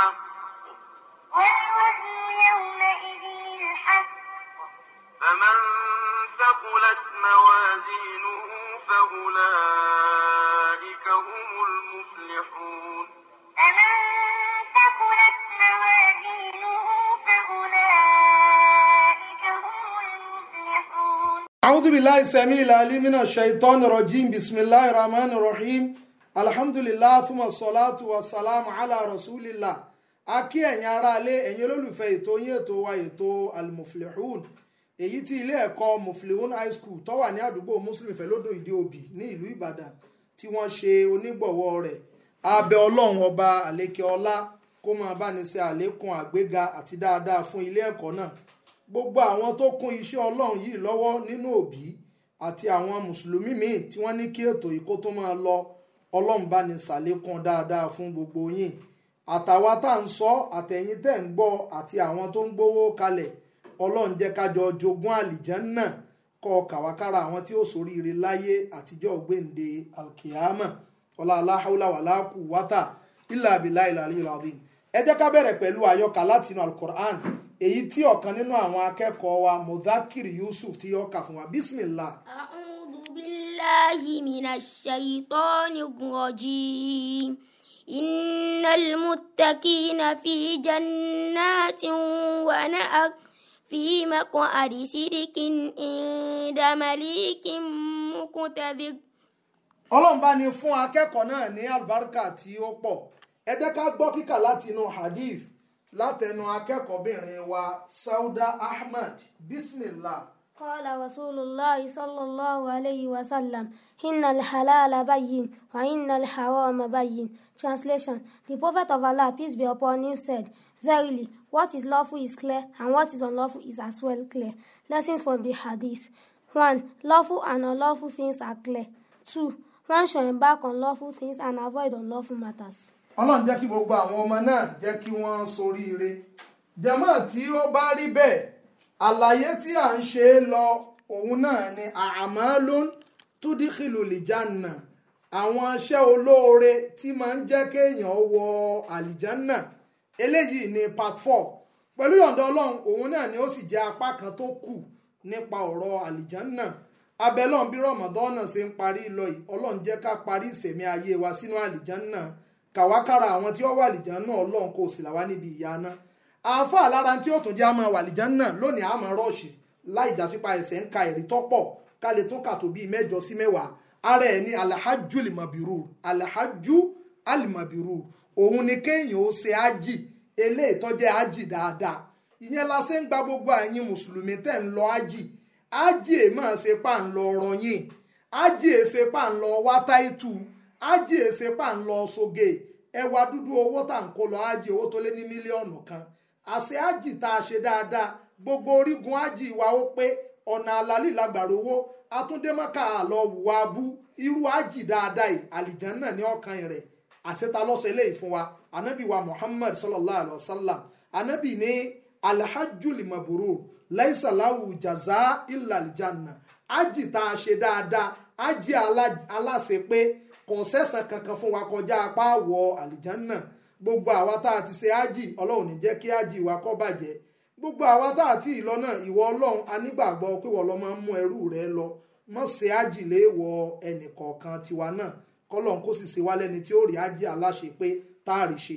الحق والوزن يومئذ الحق فمن ثقلت موازينه فأولئك هم المفلحون فمن ثقلت موازينه فأولئك هم المفلحون أعوذ بالله السميع العليم من الشيطان الرجيم بسم الله الرحمن الرحيم الحمد لله ثم الصلاة والسلام على رسول الله a kí ẹ̀yin aráalé ẹ̀yin olólùfẹ́ ètò yín ètò wa ètò almuflihun èyí tí ilé ẹ̀kọ́ muflihun high school tó wà ní àdúgbò muslim fẹ́lódùn ìdí òbí ní ìlú ìbàdàn tí wọ́n ṣe onígbọ̀wọ́ rẹ̀ abẹ ọlọ́run ọba àlékè ọlá kó máa bá ní ṣe àlékún àgbéga àti dáadáa fún ilé ẹ̀kọ́ náà gbogbo àwọn tó kún iṣẹ́ ọlọ́run yìí lọ́wọ́ nínú òbí àti àwọn mùsùlùmí míì tí wọ́n ní kí ètò yìí tó máa lọ ọlọ́run bá ní ṣàlékún dáadáa fún gbogbo yín àtàwa tá à ń sọ àtẹ̀yìn tẹ̀ ń gbọ́ àti àwọn tó ń gbowó kalẹ̀ ọlọ́run jẹ́ kájọ jogún àlìjánná kọ́ kàwákàrà àwọn tí ó ṣoríire láyé àtijọ́ gbèǹde alkiyama ọlá aláhàúlà wàlá kù wátà ilà abilà ilà aliyul azim ká bẹ̀rẹ̀ pẹ̀lú àyọkà látinú alukur'an èyí tí ọ̀kan nínú àwọn akẹ́kọ̀ọ́ wa mudakir yusuf tí yọ kà fún wa bismillah. a'udhu billahi minash shaitonir rajim. إن المتقين في جنات ونأك في مقعد صدق عند مليك مقتدر ọlọ́run bá ní fún akẹ́kọ̀ọ́ náà ní àlùbáríkà tí ó pọ̀ ẹ jẹ́ ká gbọ́ kíkà láti inú hadith látẹnu akẹ́kọ̀ọ́bìnrin wa sauda ahmad bismillah قال رسول الله صلى الله عليه وسلم إن الحلال بين وإن الحرام بين. Translation The Prophet of Allah peace be upon him said Verily what is lawful is clear and what is unlawful is as well clear Lessons from the Hadith 1. Lawful and unlawful things are clear 2. One should embark on lawful things and avoid unlawful matters. Ọlọ́run jẹ́ kí gbogbo àwọn ọmọ náà jẹ́ kí wọ́n soríire. Jàmáà tí ó bá rí bẹ́ẹ̀ àlàyé tí à ń ṣe lọ òun náà ni a'malun tudkhilu lìjánà àwọn iṣẹ́ olóore tí máa ń jẹ́ kéèyàn wọ àlìjánà eléyìí ni part four pẹ̀lú yọ̀ǹda ọlọ́run òun náà ni ó sì jẹ́ apá kan tó kù nípa ọ̀rọ̀ àlìjánà abẹ́lọ́n bí rọ̀mọ̀dọ́nà ṣe ń parí lọ yìí ọlọ́run jẹ́ ká parí ìsẹ̀mí ayé wa sínú àlìjánà kàwákàrà àwọn tí wọ́n wà àlìjánà ọlọ́run kò sì làwa níbi ìyà náà àáfàá lára tí ó tún jẹ́ àmọ́ wàlìján náà lónìí àmọ́ rọ́ọ̀ṣì láì jásípa ẹ̀sẹ̀ ń ka ẹ̀rí tọ́pọ̀ ká lè tún kà tó bíi ara ẹ̀ ni alahaju alimabiru alahaju alimabiru òun ni kéèyàn ó ṣe ájì eléyìí tó jẹ́ ájì dáadáa ìyẹn la ṣe ń gba gbogbo àyìn mùsùlùmí tẹ ń lọ ájì ájì è máa ṣe pà ń lọ ọ̀rọ̀ yìí ájì è ṣe pà ń lọ wá táìtù ájì è ṣe pà ń lọ sóge ẹwà dúdú owó tà ń kó lọ ájì owó tó lé ní mílíọ̀nù kan àṣẹ ájì tá a ṣe dáadáa gbogbo orígun ájì wa ó pé ọ̀nà àlàlí làgbàrò owó atúndémọ́kà àlọ́ wùwà abú irú ájì dáadáa yìí àlìjánná ní ọkàn rẹ̀ àṣetá lọ́sọ̀ eléyìí fún wa anabi wa muhammad sallallahu alayhi wa sallam anabi ní alhajjul mabrur laisa lahu jaza illa aljanna ájì tá a ṣe dáadáa ájì aláṣepé kò sẹ́sàn kankan fún wa kọjá apá wọ àlìjánná gbogbo àwa tá a ti ṣe ájì ọlọ́run ní jẹ́ kí ájì wa kó bàjẹ́ gbogbo àwa tá a ti lọ náà ìwọ ọlọ́run a nígbàgbọ́ pé wọ́n lọ máa ń mú ẹrú rẹ lọ mọ̀ ṣe ájì léèwọ̀ ẹnì kọ̀ọ̀kan tiwa náà kọ́lọ́n kó sì ṣe wá lẹ́ni tí ó rí ájì aláṣẹ pé tá a rí ṣe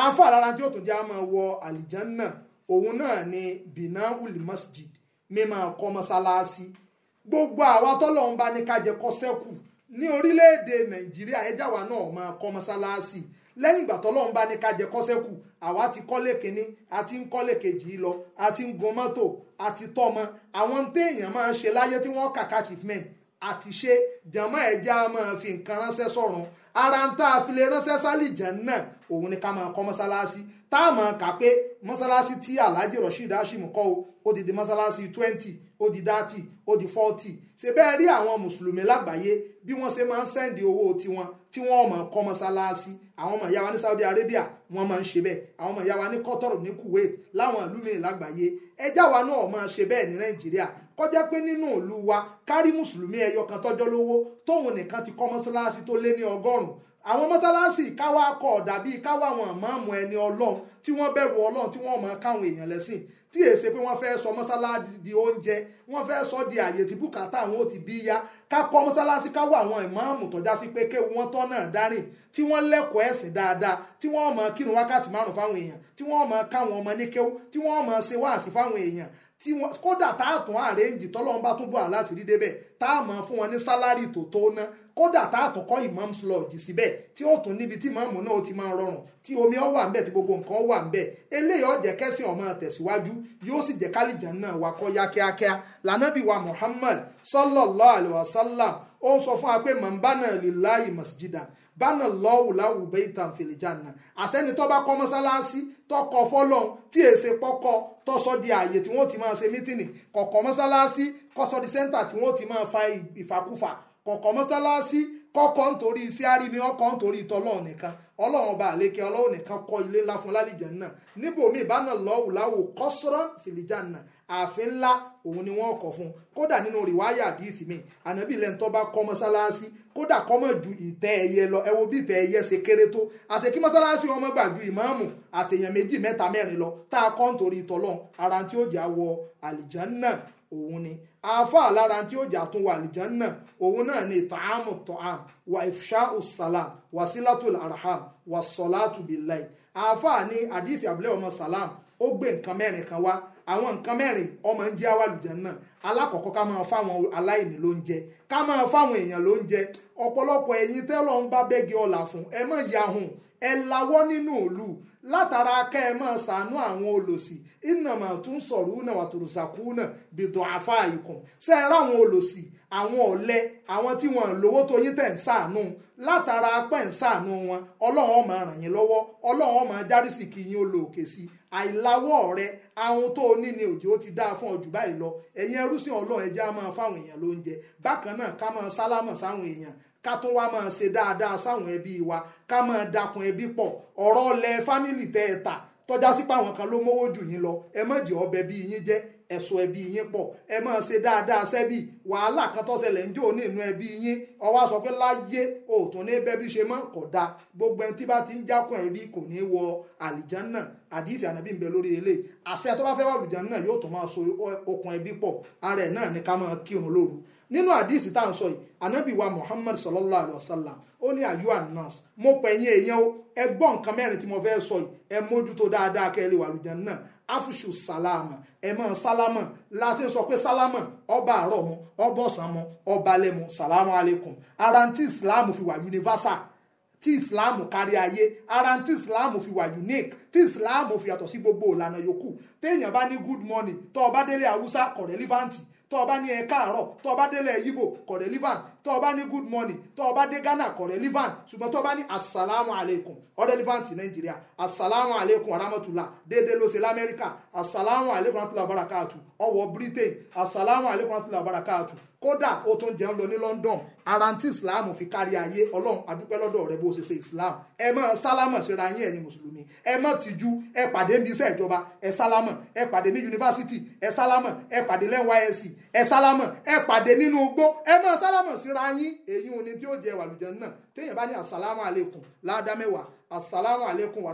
àáfà lára tí ó tún jẹ́ a máa wọ àlìjánná òun náà ni binahul masjid mímọ́ kọ́ mọ́sálásí gbogbo àwa tọ́lọ́run bá ní kájẹ kọ́ sẹ́kù ní orílẹ̀-èdè nàìjíríà ẹjáwa náà máa kọ́ mọ́sálásí lẹ́yìn ìgbà tọ́lọ́run bá ní ká jẹ kọ́sẹ́kù àwa ti kọ́lé kínní àti ń kọ́lé kejì lọ àti ń gun mọ́tò àti tọ́mọ àwọn téèyàn máa ń ṣe láyé tí wọ́n kàkà achievement àti ṣe jàmọ́ ẹ̀já máa fi nǹkan ránṣẹ́ sọ̀run ara ń tá a fi lè ránṣẹ́ sálì náà òun ni ká máa kọ́ mọ́sálásí táàmù kà pé mọ́sálásí tí alhaji rasheed hashim kọ́ o ó ti di mọ́sálásí twenty ó di thirty ó di forty ṣe bẹ́ẹ̀ rí àwọn mùsùlùmí lágbàáyé bí wọ́n ṣe máa ń sẹ́ǹdì owó tiwọn tí wọ́n máa kọ́ mọ́sálásí àwọn ọmọ ìyá wa ní saudi arabia wọ́n máa ń ṣe bẹ́ẹ̀ àwọn ọmọ ìyá wa ní qatar ní kuwait láwọn ìlú mìíràn lágbàáyé ẹjá wa náà máa ṣe bẹ́ẹ̀ ní nàìjíríà kọjá pé nínú ìlú wa kárí mùsùlùmí ẹyọ kan tọ́jọ́ lówó tóun nìkan ti kọ́ mọ́sálásí tó lé ní ọgọ́rùn àwọn mọ́sálásì káwá kọ̀ ọ̀dà káwá àwọn àmọ́ọ̀mù ẹni ọlọ́run tí wọ́n bẹ̀rù ọlọ́run tí wọ́n máa káwọn èèyàn lẹ́sìn tí èsè pé wọ́n fẹ́ sọ mọ́sálásì di oúnjẹ wọ́n fẹ́ sọ di àyè tí bùkátà àwọn ò ti bí yá ká mọ́sálásì káwá àwọn ìmáàmù tọ́já sí pé kéwu wọn tọ́ dárìn tí wọ́n lẹ́kọ̀ọ́ ẹ̀sìn dáadáa tí wọ́n máa kírun wákàtí márùn fáwọn èèyàn tí wọ́n máa káwọn ọmọ níkéw tí wọ́n máa ṣe wáàsí fáwọn èèyàn tí wọ́n kódà táàtún àrẹ́ǹjì tọ́lọ́run bá bọ̀ àláṣìírí débẹ̀ táà fún wọn ní sálárì tó tó ná kódà tá a tó kọ́ imams lodge síbẹ̀ tí ó tún níbi tí ìmáàmù náà ti máa rọrùn tí omi ọ wà ń bẹ̀ tí gbogbo nǹkan wà ń bẹ̀ eléyìí ó jẹ́ kẹ́sìn ọmọ tẹ̀síwájú yóò sì jẹ́ kálíjà náà wà kọ́ yá kíákíá lànàbí wa Muhammad sallallahu alayhi wa sallam ó ń sọ fún wa pé mambana lillahi masjida bánà lọ́wù láwù bẹ́ẹ̀ tàn fìlìjànà àsẹ́ni tó bá kọ́ mọ́sálásí tó kọ́ fọ́lọ́n tí èsè pọ́kọ́ tó sọ di ààyè tí wọ́n ti máa ṣe mítìnì kọ̀kọ́ mọ́sálásí kó sọ di sẹ́ńtà tí wọ́n ti máa fa ìfàkúfà kọ̀kọ́ mọ́sálásí kọ́kọ́ nítorí iṣẹ́ àrími ọkọ̀ nítorí ìtọ́lọ́run nìkan ọlọ́run ọba àlékè ọlọ́run nìkan kọ́ ilé ńlá fún lálìjẹ́ náà níbo mi ìbánà lọ́wù láwò kọ́sọ́rọ́ fìlìjà náà ààfin ńlá òun ni wọ́n kọ́ fún kódà nínú rìwáyà àdìsí mi ànábì lẹ́ńtọ́ bá kọ́ mọ́sálásí kódà kọ́ mọ̀ ju ìtẹ́ ẹyẹ lọ ẹ wo bí ìtẹ́ ẹyẹ ṣe kéré tó àṣẹ kí mọ́sálásí ọmọ gbà ju ìmáàmù àtẹ̀yàn méjì mẹ́ta mẹ́rin lọ tá a kọ́ nítorí ìtọ́lọ́run ara tí ó jà wọ àlìjẹ́ náà òun ni àáfàá lára tí ó jà tún wà àlìjánná òun náà ni tààmù tọ́àm wà ìfṣà ọ̀sálàm wà sílátùl arham wà sọ̀látù bíláì àáfàá ní àdìsí àbúlẹ̀ ọmọ sàlám ó gbé nǹkan mẹ́rin kan wá àwọn nǹkan mẹ́rin ọmọ ń jẹ́ àwàlùjánná alákọ̀ọ́kọ́ ká máa fáwọn aláìní lóúnjẹ ká máa fáwọn èèyàn lóúnjẹ ọ̀pọ̀lọpọ̀ ẹ̀yin tẹ́lọ̀ ń bá bẹ́gi ọ̀là fún ẹ mọ̀ yahun ẹ lawọ́ nínú òlu látara kẹ́ ẹ máa ṣàánú àwọn olosi ìnàmọ̀ tún sọ̀rọ̀ náà wàtòrùsàkú náà bìdọ̀ àfa ikùn ṣe é ráwọn olòṣì àwọn ọ̀lẹ àwọn tí wọ́n lówó tó yín tẹ̀ ń ṣàánú látara pẹ́ ń ṣàánú wọn ọlọ́run ó ràn yín lọ́wọ́ ọlọ́run ó máa kì kí yín ó àìláwọ́ rẹ àwọn tó ní ni òjò ti dáa fún báyìí lọ ẹ̀yin ká tún wá máa ṣe dáadáa sáwọn ẹbí wa ká máa dakun ẹbí pọ̀ ọ̀rọ̀ lẹ fámìlì tẹ́ ẹ ta tọ́já sí pàwọn kan ló mówó jù yín lọ ẹ mọ̀jì ọbẹ̀ bí yín jẹ́ ẹ̀sùn ẹbí yín pọ̀ ẹ máa ṣe dáadáa sẹ́bí wàhálà kan tó ṣẹlẹ̀ ń jò ní inú ẹbí yín ó wá sọ pé láyé òòtún ní bẹ́bí ṣe mọ́ kò dáa gbogbo ẹni tí bá ti ń jákùn ẹ̀rí kò ní wọ àlìjánná àdìsí ànábì ń bẹ lórí ilé àṣẹ tó bá fẹ́ wà àlìjánná yóò tún máa so okùn ẹbí pọ̀ ara ẹ̀ náà ní ká máa kírun lóru nínú àdìsí tá à ń sọ yìí ànábì wa Muhammad sallallahu alayhi wa sallam ó ní ayu anas mo pẹ̀yìn èèyàn o ẹ gbọ́ nǹkan mẹ́rin tí mo fẹ́ sọ yìí ẹ mójútó dáadáa kẹ́ ẹ lè wà àlìjánná afusu salama ẹ salama láti sọ pé salama ọba àárọ̀ mu ọba ọ̀sán mu ọba alẹ́ mu salamu ara tí islam fi wà universal tí islam kárí ayé ara tí islam fi wà unique tí islam fi yàtọ̀ sí gbogbo ìlànà yòókù téèyàn bá ní good morning tó o bá délé haúsá kọ̀ tó o bá ní ẹ káàárọ̀ tó o bá délẹ̀ yíbò kò relevant tó o ní good morning tó o bá dé Ghana kò relevant ṣùgbọ́n tó o bá ní asalaamu aleykum ó relevant Nàìjíríà asalaamu aleykum aramatula déédéé ló ṣe l'Amẹ́ríkà asalaamu aleykum aramatula barakatu ọwọ́ Britain asalaamu aleykum aramatula barakatu kódà ó tún jẹun lọ ní London arantí Islam fi kárí ayé Ọlọ́run adúpẹ́ lọ́dọ̀ rẹ bó ṣe ṣe Islam ẹ mọ sálámà síra yín ẹ̀yin mùsùlùmí ẹ mọ tìjú ẹ pàdé níbi iṣẹ́ ìjọba ẹ sálámà ẹ pàdé ní yunifásitì ẹ sálámà ẹ pàdé lẹ́wọ̀n ẹ sálámà ẹ pàdé nínú igbó ẹ mọ sálámà síra yín èyí ò tí ó jẹ wàlùjẹ náà téèyàn bá ní asalaamu aleykum láàdá mẹ́wàá asalaamu aleykum wa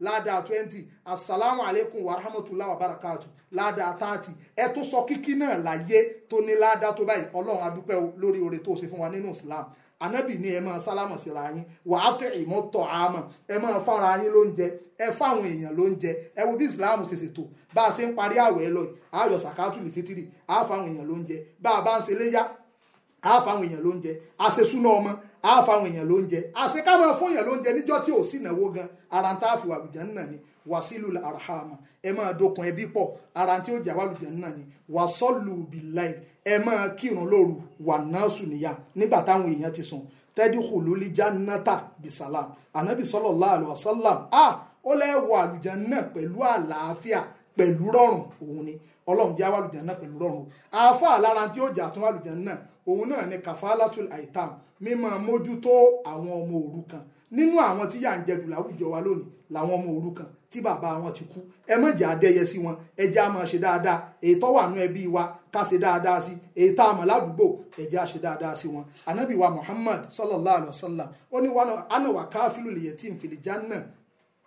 láàdá twenty asalaamu aleykum warahmatulah wabarakatu láàdá thirty ẹ sọ kíkí náà láyé tó ní láàdá tó báyìí ọlọ́run anabi ni ẹ máa sálámọ̀ síra yín wà á ìmọ̀ tọ̀ àmọ̀ ẹ máa fára yín lóúnjẹ ẹ fáwọn èèyàn lóúnjẹ ẹ wo bí islam bá a ṣe ń parí àwẹ̀ lọ àyọ̀ sàkátù lìfitiri àfáwọn èèyàn á fáwọn èèyàn lóúnjẹ àṣekámọ fún èèyàn lóúnjẹ níjọ́ tí ò sí ìnáwó gan ara ń tá a fi wà lùjẹ́ náà ni wàsílù arahama ẹ máa dokun ẹbí pọ̀ ara tí ó jà wà lùjẹ́ náà ni wàsọ́lù bìláì ẹ máa kírun lóru wà náà sùn níyà nígbà táwọn èèyàn ti sùn tẹ́dí kùlùlí jánátà bisalam ànábì sallallahu alaihi wasallam ah ó lẹ́wọ̀ àlùjẹ́ náà pẹ̀lú àlàáfíà pẹ̀lú rọrùn òun ni ọlọ́run jẹ́ àwàlùjẹ́ náà pẹ̀lú rọrùn àáfà lára tí ó jà tún àlùjẹ́ náà òun náà ni kàfálàtul àìtàm mímọ mójútó àwọn ọmọ òrukàn nínú àwọn tí yà ń jẹdù láwùjọ wa lónìí làwọn ọmọ òrukàn tí bàbá wọn ti kú ẹ má jẹ́ adẹ́yẹ sí wọn ẹ jẹ́ á máa ṣe dáadáa èyí tó wà nú ẹbí wa ká ṣe dáadáa sí èyí tá a mọ̀ ládùúgbò ẹ jẹ́ á dáadáa sí wọn anabi muhammad sallallahu alayhi wa sallam ó ní wọn àna wà káfílù lèyẹ tí n fìlì jánà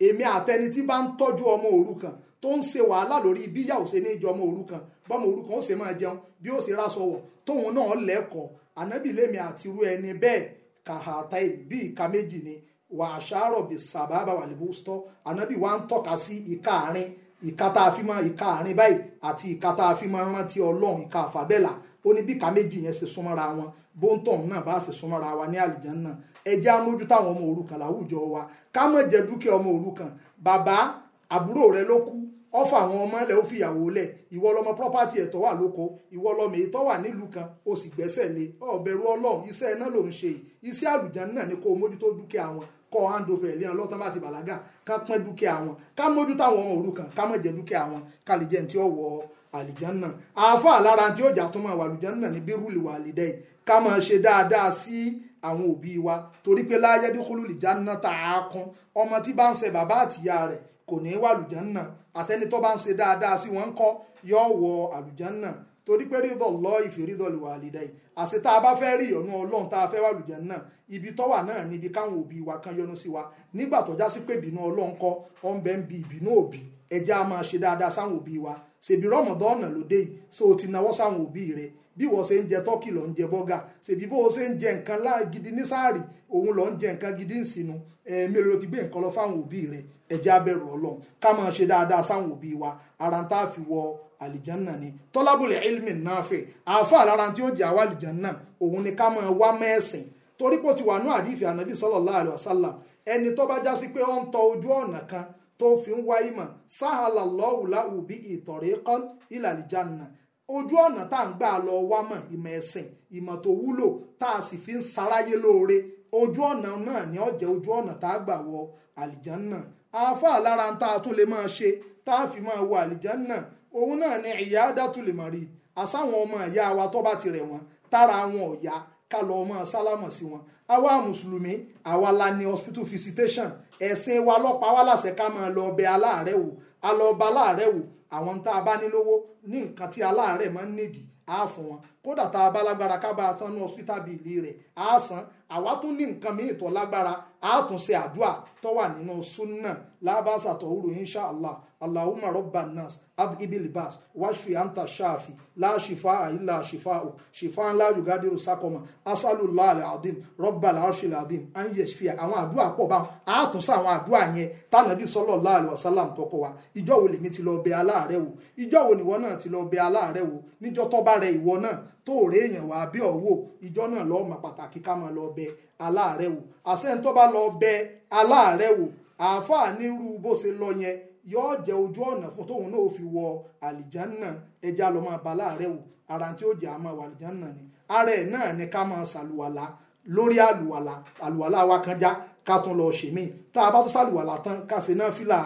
èmi àtẹni tí bá ń tọ́jú ọmọ òrukàn tó ń ṣe wàhálà lórí bí yàwó ṣe ní ìjọmọ òrukàn bọ́mọ òrukàn ó ṣe máa jẹun bí ó ṣe ráṣọ wọ̀ tóun náà lẹ́kọ̀ọ́ ànábì lèmi àti irú ẹni bẹ́ẹ̀ kàhàtà bí ìka méjì ni wà á ṣàárọ̀ bí sàbábà wà lébú sọ ànábì wa ń tọ́ka sí ìka àárín ìka tá a fi máa ìka àárín báyìí àti ìka tá a fi máa rántí ọlọ́run ìka àfàbẹ́là ó ní bí ìka méjì yẹn ṣe súnmọ́ra wọn bóńtọ̀n náà bá ṣe súnmọ́ra wa ní àlìjánná ẹjẹ́ amójú táwọn ọmọ òrukàn láwùjọ wa ká má jẹ dúkìá ọmọ òrukàn bàbá àbúrò rẹ ló kú ọfà àwọn ọmọ lẹ ó fìyàwó lẹ ìwọ lọmọ property ẹ tó wà lóko ìwọ lọmọ èyí tó wà nílùú kan o sì gbẹ́sẹ̀ lé ọbẹ̀rù Ọlọ́run iṣẹ́ iná ló ń ṣe iṣẹ́ àlùjáde náà ni kó o mójútó dúkìá wọn kọ handover ẹ̀rí ọlọ́tàn bá ti bàlágà ká pín dúkìá wọn ká mójútó àwọn ọmọ òrukàn ká má jẹ dúkìá wọn ká lè jẹ́ ní tí ó wọ àlìjánná àáfà lára tí ó jà tó máa wà àlìjánná ní bírúlì wà àlìdẹ́ ká máa ṣe àwọn òbí wa torí pé láyé dúkúlù lìjánná tá a kún ọmọ tí bá ń ṣe bàbá àtìyá rẹ̀ kò ní wà àlìjánná àsẹ́ni tó bá ń ṣe dáadáa sí wọn ń kọ́ yọ wọ àlùjànnà torí pé rídọ̀ lọ ife rídọ̀ lè wà àlìdá yìí tá a bá fẹ́ rí ìyọ̀nú ọlọ́run tá a fẹ́ wà lùjẹ́ náà ibi tọ́wà náà níbi káwọn òbí wa kan yọ́nú sí wa nígbà tọ́já sí pé ìbínú ọlọ́run kọ́ ń bi ìbínú òbí ẹjẹ́ a máa ṣe dáadáa sáwọn òbí wa ṣèbí rọ́mọ̀dọ́ọ̀nà lóde yìí ṣé o ti nawọ́ sáwọn òbí rẹ bí wọ́n ṣe ń jẹ tọ́kì jẹ bọ́gà àlìjánà ni tọ́lábùlẹ̀ ilmi nafi àáfà lára tí ó jẹ́ àwa àlìjánà òun ni ká máa wá mẹ́sìn torí pé ó ti wà ní àdìsí ànábì sallallahu alaihi wasallam ẹni tó bá já sí pé ó ń tọ ojú ọ̀nà kan tó fi ń wá ìmọ̀ sáhàlà lọ́wùlá òbí ìtọ̀rẹ́kọ́n ìlàlìjánà ojú ọ̀nà tá à ń gbà lọ wá mọ̀ ìmọ̀ ẹ̀sìn ìmọ̀ tó wúlò tá a sì fi ń saráyé lóore ojú ọ̀nà náà ni ó jẹ́ ojú ọ̀nà tá a gbà wọ àlìjánà àáfà lára tá a tún lè máa ṣe tá a fi máa wọ àlìjánà òun náà ni ìyá dátúlẹ̀ mọ̀rí àsáwọn ọmọ ìyá wa tó bá ti rẹ̀ wọ́n tára wọn ò yá ká lọ ọmọ sálámọ̀ sí wọn àwa mùsùlùmí àwa la ní hospital visitation ẹ̀sìn wa lọ́pàá wa láṣẹ ká máa lọ ọbẹ̀ aláàárẹ̀ wò a lọ ọba aláàárẹ̀ wò àwọn tá a bá nílówó ní nǹkan tí aláàárẹ̀ máa ń nídìí á wọn kódà tá a bá lágbára ká bá a tán ní hospital bill rẹ̀ á san àwa tún ní nǹkan míì tó lágbára á tún ṣe àdúà tó wà nínú súnà lábàṣà tó wúro insha allah allahumma rabban nas abdi libas washfi anta shafi la shifa illa shifa'u shifa la yugadiru sakoma asalullah al-azim rabbal arshil azim an yashfi àwọn àdúà pọ̀ bá a tún ṣe àwọn àdúà yẹn tánàbí sallallahu alaihi wasallam tọkọ wa ìjọ́ wo lèmi ti lọ bẹ aláàrẹ̀ wò ìjọ́ wo nìwọ náà ti lọ bẹ aláàrẹ̀ wò níjọ́ tó bá rẹ ìwọ náà tó òré èèyàn wá bí ọ̀wọ́ ìjọ náà lọ́ọ́ mọ̀ pàtàkì ká máa lọ bẹ aláàárẹ̀ wò àṣẹ́ńtọ́ bá lọ bẹ aláàárẹ̀ wò àáfàá nírú bó ṣe lọ yẹn yóò jẹ ojú ọ̀nà fún tóun náà fi wọ àlìjánà ẹja lọ máa bá aláàárẹ̀ wò ara tí ó jẹ àmọ́ wà àlìjánà ni ara ẹ̀ náà ni ká máa ṣàlùwàlà lórí àlùwàlà àlùwàlà wa kan já ká tún lọ ṣèmí tá a bá tún ṣàlùwàlà tán ká ṣe náà fìlà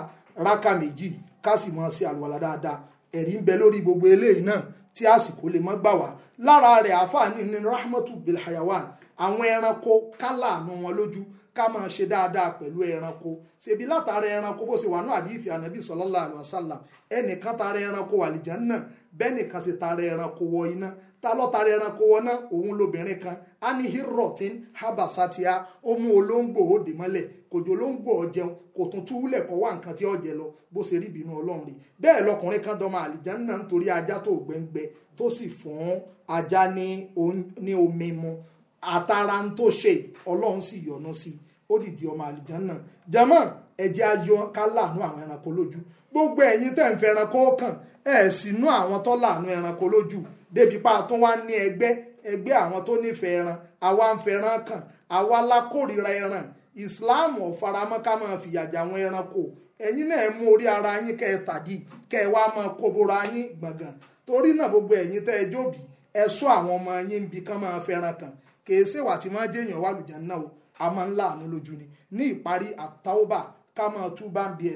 rákà méjì ká sì máa ṣe àlùwàlà dáadáa ẹ̀rí ń bẹ lórí gbogbo eléyìí náà tí àsìkò lè má gbà wá lára rẹ̀ àfààní ni rahmatu bilhayawan àwọn ẹranko kálàánú wọn lójú ká máa ṣe dáadáa pẹ̀lú ẹranko ṣèbí látara ẹranko bó ṣe wà náà àdìsí ànábì sallallahu alaihi wasallam ẹnìkan tara ẹranko wàlìjẹ́ náà bẹ́ẹ̀ nìkan ṣe tara ẹranko wọ iná ta lọtara ẹranko wọn náà òun lobìnrin kan anihirotin habasatia ó mú olóńgbò ó dè mọ́lẹ̀ kòjò olóńgbò ó kò tún túwúlẹ̀ wá nǹkan tí ó jẹ lọ bó ṣe rí ìbínú ọlọ́run rí lọkùnrin kan dọ́mọ àlìjá náà nítorí ajá tó gbẹ́ngbẹ́ tó sì fún ajá ní omi mu ń tó ṣe sì sí ọmọ náà àwọn gbogbo tẹ̀ ń fẹ́ ẹranko e sì nú àwọn tó láàánú ẹranko lójú débi pa tó wá ní ẹgbẹ́ ẹgbẹ́ àwọn tó nífẹ̀ẹ́ ẹran àwa ń fẹ́ràn kàn àwa la ẹran Islam ò ká máa fìyàjà àwọn ẹranko ẹ̀yin náà mú orí ara yín kẹ́ ẹ tàdí kẹ́ ẹ wá máa kóbóra yín gbọ̀ngàn torí gbogbo ẹ̀yin tẹ́ ẹ jóbi ọmọ yín ń bi kán máa fẹ́ràn kàn kèé tí máa o a máa ń láàánú ni ní ìparí àtàwọ́bà ká máa bi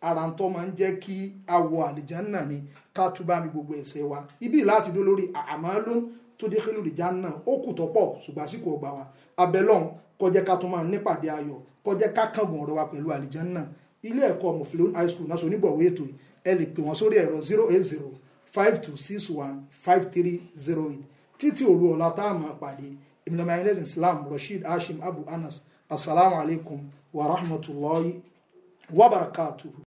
ara ń tọ́ máa ń jẹ́ kí awọ àlìjánà ni ká tún bá mi gbogbo ẹ̀ṣẹ̀ wa ibi láti dó lórí àmọ́ ló tó dé kílù àlìjánà ó kù tọ́pọ̀ ṣùgbọ́n àsìkò ọgbà wa abẹ́lọ́n kọjá ká tún máa nípàdé ayọ̀ kọjá ká kángun ọ̀rọ̀ wa pẹ̀lú àlìjánà ilé ẹ̀kọ́ mufilon high school náà sonígbọ̀wé ètò ẹ lè pè wọ́n sórí ẹ̀rọ zero eight zero five two six one five three zero eight títí òru ọ̀la tá a máa pàdé ìmìlẹ̀mọ̀ ayélujára islam rasheed hashim abu anas asalaamualeykum wa rahmatulahi. وبركاته